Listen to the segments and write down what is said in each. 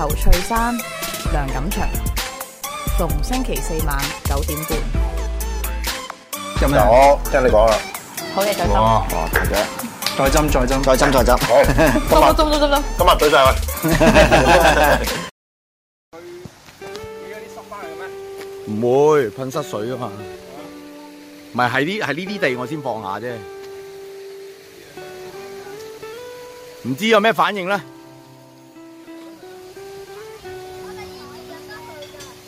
侯翠山、梁錦祥，逢星期四晚九點半。咁樣，我聽你講啦。好嘢，再斟。哇，大姐，再斟，再斟，再斟，再斟。今日斟，斟，斟，斟。今日對晒佢。依家啲濕翻嚟咩？唔會噴濕水啊嘛。唔係呢？係呢啲地我先放下啫。唔知有咩反應咧？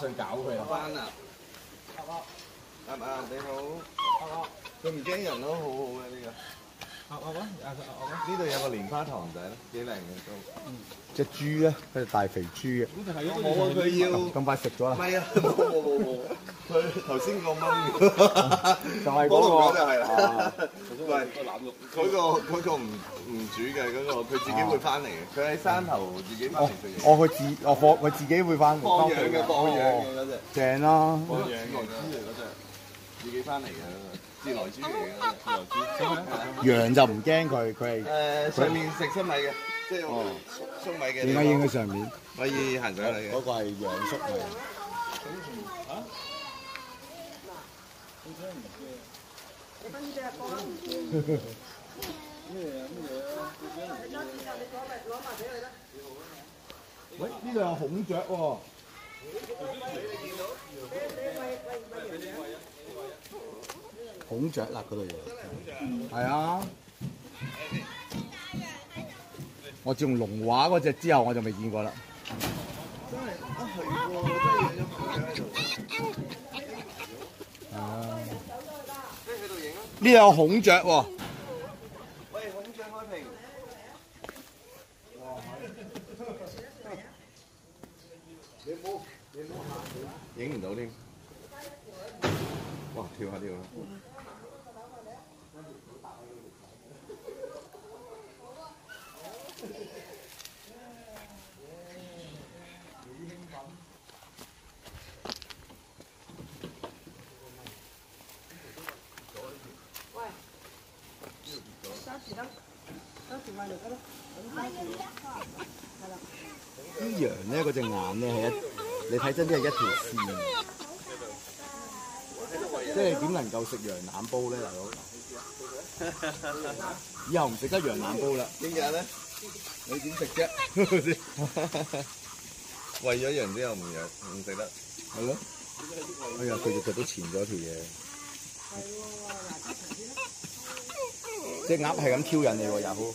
我想搞佢啊！阿、啊、伯，阿、啊、伯你好，阿、啊、伯，佢唔驚人都好好嘅呢、這個，呢度、啊啊啊啊啊、有個蓮花塘仔咯，幾靚嘅都，嗯、隻豬咧，隻大肥豬嘅，冇啊佢要咁快食咗啦，唔係啊！冇冇冇冇。 佢頭先個蚊就係嗰個，佢個佢個唔唔煮嘅嗰個，佢自己會翻嚟嘅。佢喺山頭自己翻嚟食嘢。哦，佢自哦放佢自己會翻。放養嘅，放養嘅隻。正啦。放養豬嚟隻，自己翻嚟嘅。自來豬嚟嘅，自來豬。羊就唔驚佢，佢係誒上面食粟米嘅，即係粟米嘅。應該喺上面。可以行上嚟嘅。嗰個係養粟米。喂，呢度、 欸、有孔雀喎、哦，孔雀嗱嗰度有，係、那個、啊。我自用龍華嗰隻之後我就未見過啦、啊。呢有孔雀喎，喂，孔雀開屏，哇，影唔到添，哇，跳下跳下。咩嗰隻眼咧係一，你睇真啲係一條線。即係點能夠食羊腩煲咧，大佬？以後唔食得羊腩煲啦，聽日咧，你點食啫？餵咗羊都又唔食，唔食得，係咯？哎呀，佢又食到纏咗條嘢。隻鴨係咁挑人嚟喎，又。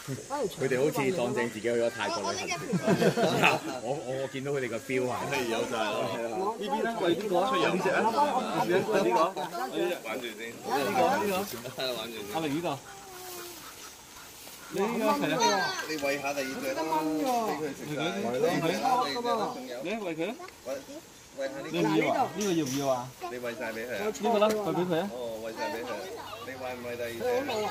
佢哋好似當正自己去咗泰國旅行，我我我見到佢哋個表係，有就係啦。呢邊咧？邊個啊？出飲食啊？邊個？我依隻揾住先。邊個？呢個。阿明宇個。呢個係啊。你餵下第二隻啦。你餵佢啦。餵佢啦。餵下呢邊嘅。呢個要唔要？呢個要唔要？你餵曬俾佢。呢個啦，餵俾佢啊。哦，餵曬俾佢。你餵唔餵第二隻？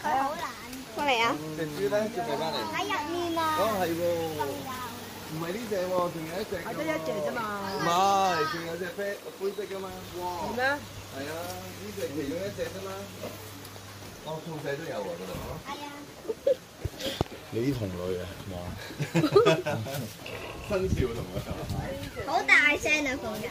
好啊，過嚟啊！成隻咧，捉埋翻嚟。入面啊！哦，係喎，唔係呢隻喎，仲有一隻。係得一隻啫嘛。唔係，仲有隻啡、灰色噶嘛。係咩？係啊，呢隻其中一隻啫嘛。哦，同都有喎，嗰度。係啊。你同類啊？哇！新少同我講。好大聲啊！放假。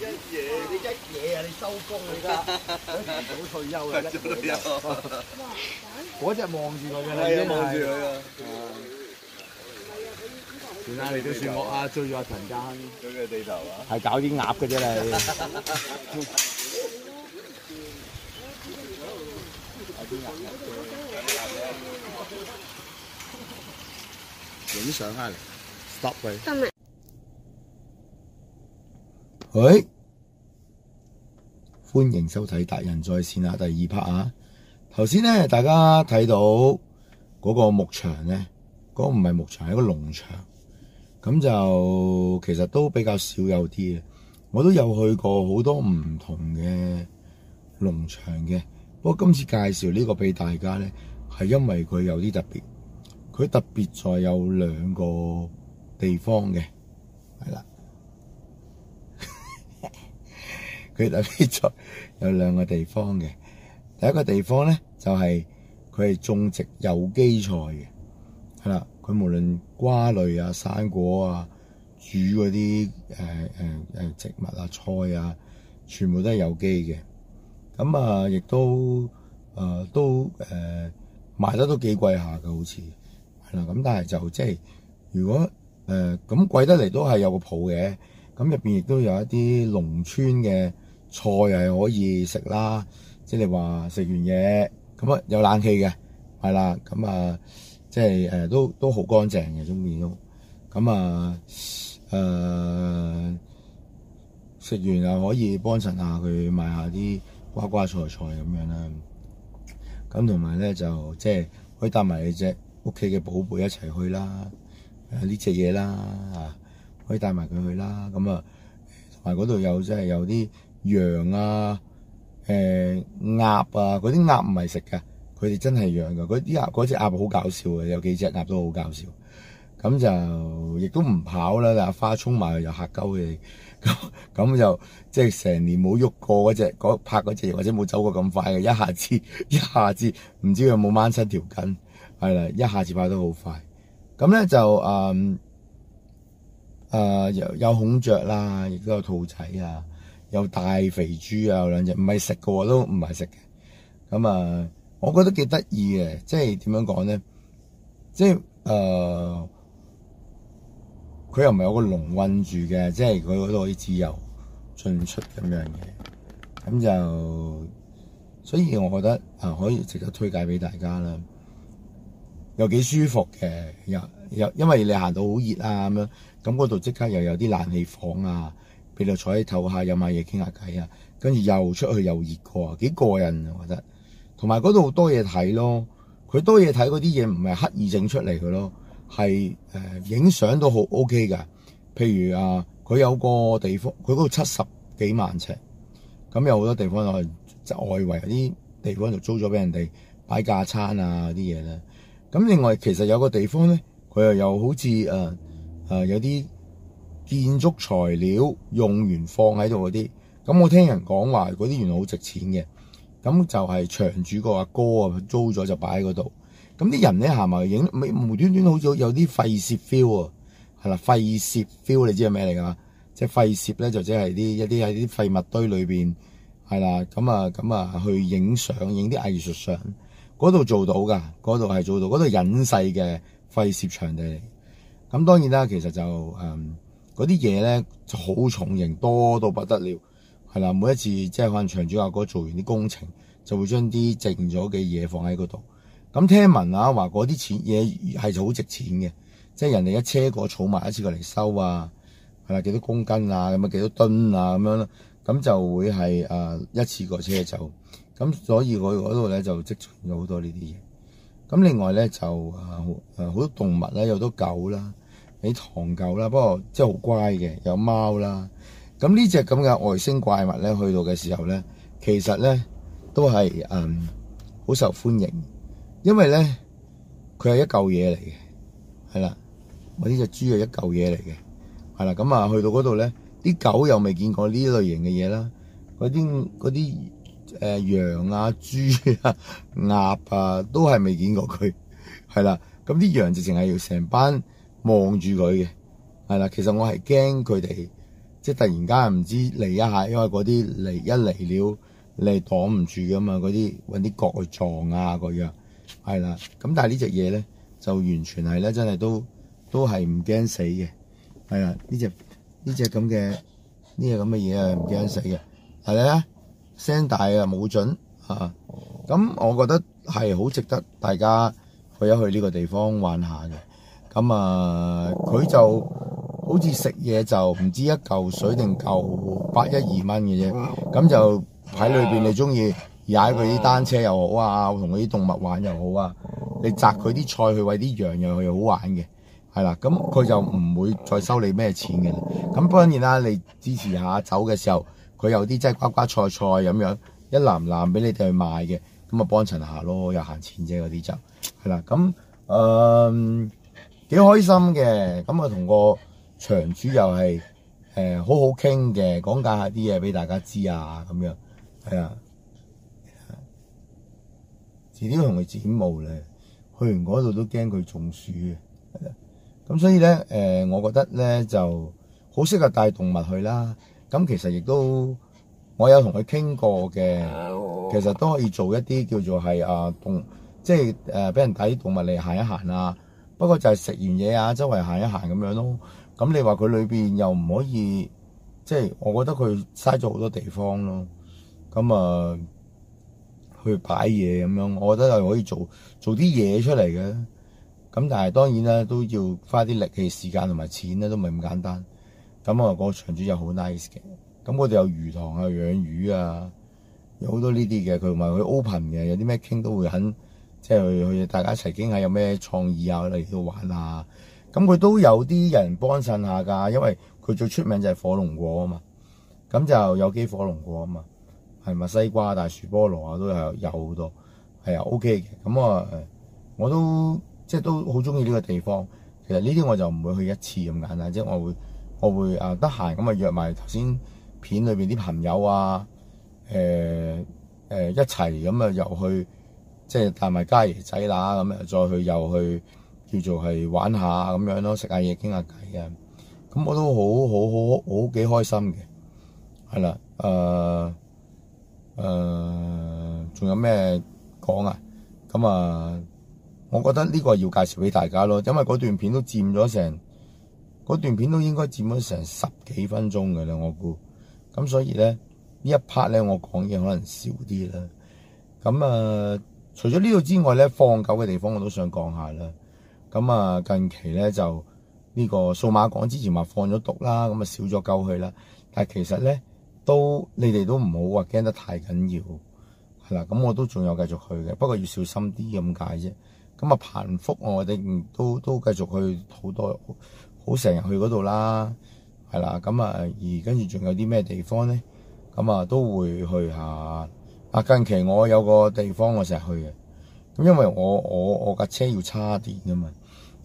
一嘢，你一嘢啊！你收工啦，你唔好退休啦。退休。嗰隻望住佢嘅啦，你都望住佢咯。算啦，你都算我啊，追住阿陳家亨。追佢地頭啊。係搞啲鴨嘅啫，你。影相啊，stop 佢。喂、哎，歡迎收睇達仁在線啊，第二 part 啊，頭先咧大家睇到嗰個牧場咧，嗰、嗰個唔係牧場，係一個農場，咁就其實都比較少有啲嘅，我都有去過好多唔同嘅農場嘅，不過今次介紹呢個俾大家咧，係因為佢有啲特別，佢特別在有兩個地方嘅，係啦。佢啲菜有兩個地方嘅，第一個地方咧就係佢係種植有機菜嘅，係啦，佢無論瓜類啊、生果啊、煮嗰啲誒誒誒植物啊、菜啊，全部都係有機嘅。咁啊，亦都誒、呃、都誒、呃、賣得都幾貴下㗎，好似係啦。咁但係就即係如果誒咁、呃、貴得嚟都係有個譜嘅，咁入邊亦都有一啲農村嘅菜又係可以食啦，即係話食完嘢咁啊有冷氣嘅係啦，咁啊即係誒都都好乾淨嘅中意都咁啊誒食、呃、完又可以幫襯下佢買下啲瓜瓜菜菜咁樣啦，咁同埋咧就即係、就是、可以帶埋你隻屋企嘅寶貝一齊去啦，呢隻嘢啦吓可以帶埋佢去啦，咁啊同埋嗰度有即係有啲。就是有羊啊，誒、欸，鴨啊，嗰啲鴨唔係食嘅，佢哋真係養嘅。嗰啲鴨，嗰隻鴨好搞笑嘅，有幾隻鴨都好搞笑。咁就亦都唔跑啦，但花衝埋去就嚇鳩佢哋。咁咁就即係成年冇喐過嗰隻，拍嗰隻或者冇走過咁快嘅，一下子一下子唔知佢有冇掹出條筋，係啦，一下子跑得好快。咁咧就誒誒、呃呃、有，有孔雀啦，啊，亦都有兔仔啊。有大肥豬啊，有兩隻，唔係食嘅喎，都唔係食嘅。咁啊，我覺得幾得意嘅，即係點樣講咧？即係誒，佢、呃、又唔係有個籠韞住嘅，即係佢嗰度可以自由進出咁樣嘅。咁就所以，我覺得啊、呃，可以值得推介俾大家啦。又幾舒服嘅，又又因為你行到好熱啊咁樣，咁嗰度即刻又有啲冷氣房啊。你就坐喺頭下又買嘢傾下偈啊，跟住又出去又熱過，幾過癮啊！我覺得，同埋嗰度好多嘢睇咯。佢多嘢睇，嗰啲嘢唔係刻意整出嚟嘅咯，係誒影相都好 OK 嘅。譬如啊，佢有個地方，佢嗰度七十幾萬呎咁，有好多地方就係外圍嗰啲地方，就租咗俾人哋擺架餐啊啲嘢啦。咁另外其實有個地方咧，佢又又好似誒誒有啲。建築材料用完放喺度嗰啲，咁我聽人講話嗰啲原來好值錢嘅。咁就係場主個阿哥啊，租咗就擺喺嗰度。咁啲人咧行埋影，冇無端端好似有啲廢屑 feel 啊、哦，係啦，廢屑 feel 你知係咩嚟㗎？即係廢屑咧，就即係啲一啲喺啲廢物堆裏邊係啦。咁啊咁啊，去影相影啲藝術相嗰度做到㗎，嗰度係做到嗰度隱世嘅廢屑場地。嚟。咁當然啦，其實就誒。嗯嗰啲嘢咧就好重型，多到不得了，係啦。每一次即係可能場主阿哥做完啲工程，就會將啲剩咗嘅嘢放喺嗰度。咁聽聞啊話嗰啲錢嘢係好值錢嘅，即係人哋一車過儲埋一次過嚟收啊，係啦，幾多公斤啊，咁啊幾多噸啊咁樣咯，咁就會係啊一次過車走咁，所以我嗰度咧就積存咗好多呢啲嘢。咁另外咧就啊、啊、好多動物呢，有好多狗啦。俾唐狗啦，不過真係好乖嘅，有貓啦。咁呢隻咁嘅外星怪物咧，去到嘅時候咧，其實咧都係嗯好受歡迎，因為咧佢係一嚿嘢嚟嘅，係啦。我呢隻豬係一嚿嘢嚟嘅，係啦。咁啊去到嗰度咧，啲狗又未見過呢類型嘅嘢啦，嗰啲嗰啲誒羊啊、豬啊、鴨啊都係未見過佢，係啦。咁啲羊就淨係要成班。望住佢嘅，係啦。其實我係驚佢哋，即係突然間唔知嚟一下，因為嗰啲嚟一嚟了，你係擋唔住噶嘛。嗰啲搵啲角去撞啊，嗰樣係啦。咁但係呢隻嘢咧，就完全係咧，真係都都係唔驚死嘅。係啦，呢隻呢隻咁嘅呢隻咁嘅嘢係唔驚死嘅。係咧，聲大啊冇準吓。咁我覺得係好值得大家去一去呢個地方玩下嘅。咁啊，佢就好似食嘢就唔知一嚿水定嚿八一二蚊嘅啫。咁就喺裏邊你中意踩佢啲單車又好啊，同佢啲動物玩又好啊。你摘佢啲菜去餵啲羊又去好玩嘅，係啦。咁佢就唔會再收你咩錢嘅啦。咁當然啦、啊，你支持下走嘅時候，佢有啲真係瓜瓜菜菜咁樣一籃籃俾你哋去買嘅，咁啊幫襯下咯，又閒錢啫嗰啲就係啦。咁嗯。幾開心嘅，咁啊同個場主又係誒、呃、好好傾嘅，講解下啲嘢，俾大家知啊，咁樣係啊，遲啲同佢剪毛咧，去完嗰度都驚佢中暑嘅，咁所以咧誒、呃，我覺得咧就好適合帶動物去啦。咁其實亦都我有同佢傾過嘅，其實都可以做一啲叫做係啊即係誒，俾、就是呃、人帶啲動物嚟行一行啊。不過就係食完嘢啊，周圍行一行咁樣咯。咁你話佢裏面又唔可以，即係我覺得佢嘥咗好多地方咯。咁啊，去擺嘢咁樣，我覺得又可以做做啲嘢出嚟嘅。咁但係當然啦，都要花啲力氣、時間同埋錢咧，都唔係咁簡單。咁啊，個場主又好 nice 嘅。咁我哋有魚塘啊，養魚啊，有好多呢啲嘅。佢同埋佢 open 嘅，有啲咩傾都會肯。即係去去大家一齊傾下有咩創意啊，嚟到玩啊，咁佢都有啲人幫襯下噶，因為佢最出名就係火龍果啊嘛，咁就有機火龍果啊嘛，係咪西瓜、大樹菠蘿啊都有，有好多，係啊 OK 嘅，咁我我都即係都好中意呢個地方，其實呢啲我就唔會去一次咁簡單，即係我會我會啊得閒咁啊約埋頭先片裏邊啲朋友啊，誒、呃、誒、呃、一齊咁啊入去。即係帶埋家爺仔乸，咁啊，再去又去叫做係玩下咁樣咯，食下嘢，傾下偈啊。咁我都好好好好幾開心嘅，係啦，誒、呃、誒，仲、呃、有咩講啊？咁啊，我覺得呢個要介紹俾大家咯，因為嗰段片都佔咗成嗰段片都應該佔咗成十幾分鐘嘅啦。我估咁，所以咧呢一 part 咧，我講嘢可能少啲啦。咁啊～除咗呢度之外咧，放狗嘅地方我都想講下啦。咁啊，近期咧就呢個數碼港之前話放咗毒啦，咁啊少咗狗去啦。但係其實咧都你哋都唔好話驚得太緊要，係啦。咁我都仲有繼續去嘅，不過要小心啲咁解啫。咁啊，彭福我哋都都繼續去好多，好成日去嗰度啦，係啦。咁啊，而跟住仲有啲咩地方咧？咁啊，都會去下。啊！近期我有個地方我成日去嘅，咁因為我我我架車要叉電噶嘛，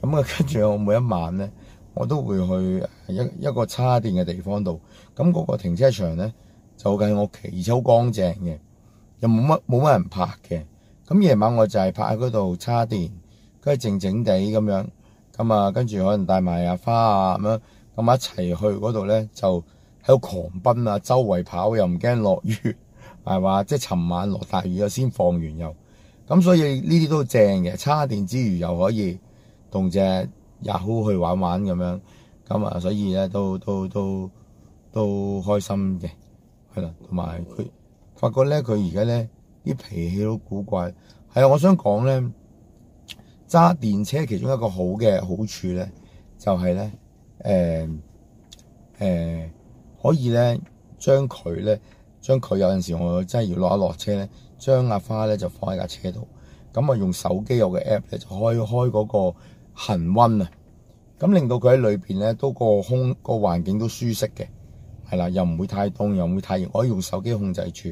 咁啊跟住我每一晚咧，我都會去一一個叉電嘅地方度，咁、那、嗰個停車場咧就喺、是、我屋企，而且好乾淨嘅，又冇乜冇乜人拍嘅，咁夜晚我就係拍喺嗰度叉電，跟住靜靜地咁樣，咁啊跟住可能帶埋阿花啊咁樣，咁啊一齊去嗰度咧就喺度狂奔啊，周圍跑又唔驚落雨。係話即係尋晚落大雨啊，先放完油，咁所以呢啲都正嘅，叉電之餘又可以同隻 Yahoo 去玩玩咁樣，咁啊所以咧都都都都開心嘅，係啦，同埋佢發覺咧佢而家咧啲脾氣都古怪，係啊，我想講咧揸電車其中一個好嘅好處咧就係、是、咧，誒、呃、誒、呃、可以咧將佢咧。將佢有陣時，我真係要落一落車咧，將阿花咧就放喺架車度。咁啊，用手機有個 app 咧，就開開嗰個恒温啊。咁令到佢喺裏面咧，都個空個環境都舒適嘅，係啦，又唔會太凍，又唔會太熱，我可以用手機控制住。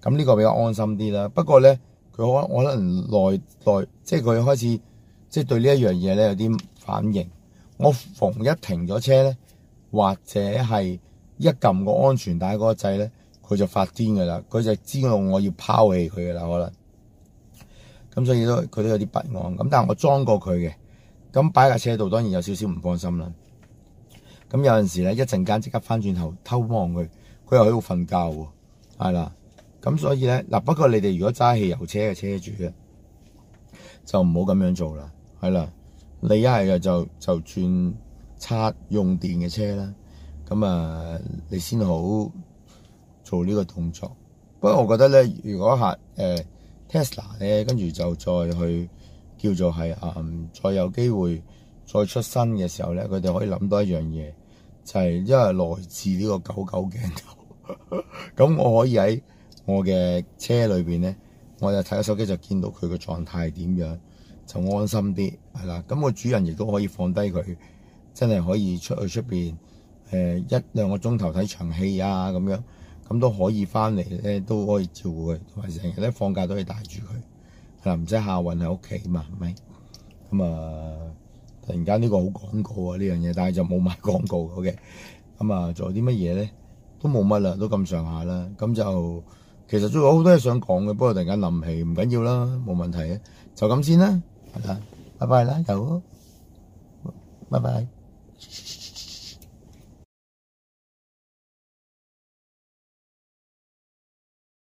咁呢個比較安心啲啦。不過咧，佢可可能內內即係佢開始即係對呢一樣嘢咧有啲反應。我逢一停咗車咧，或者係一撳個安全帶嗰個掣咧。佢就發癲㗎啦，佢就知道我要拋棄佢㗎啦，可能咁所以都佢都有啲不安。咁但係我裝過佢嘅，咁擺架車度當然有少少唔放心啦。咁有陣時咧，一陣間即刻翻轉頭偷望佢，佢又喺度瞓覺喎，係啦。咁所以咧嗱，不過你哋如果揸汽油車嘅車主咧，就唔好咁樣做啦，係啦。你一係就就轉測用電嘅車啦，咁啊你先好。做呢個動作，不過我覺得咧，如果客誒、呃、Tesla 咧，跟住就再去叫做係誒、呃、再有機會再出新嘅時候咧，佢哋可以諗到一樣嘢，就係因為來自呢個狗狗鏡頭，咁 我可以喺我嘅車裏面咧，我就睇咗手機就見到佢嘅狀態點樣，就安心啲，係啦，咁、那、我、個、主人亦都可以放低佢，真係可以出去出面，誒、呃、一兩個鐘頭睇場戲啊咁樣。咁都可以翻嚟咧，都可以照顧佢，同埋成日咧放假都可以帶住佢，啊唔使下運喺屋企嘛，係咪？咁啊，突然間呢個好廣告啊，呢樣嘢，但係就冇賣廣告，OK，咁啊，仲有啲乜嘢咧？都冇乜啦，都咁上下啦。咁就其實仲有好多嘢想講嘅，不過突然間諗起唔緊要啦，冇問題啊，就咁先啦。拜拜啦，又，拜拜。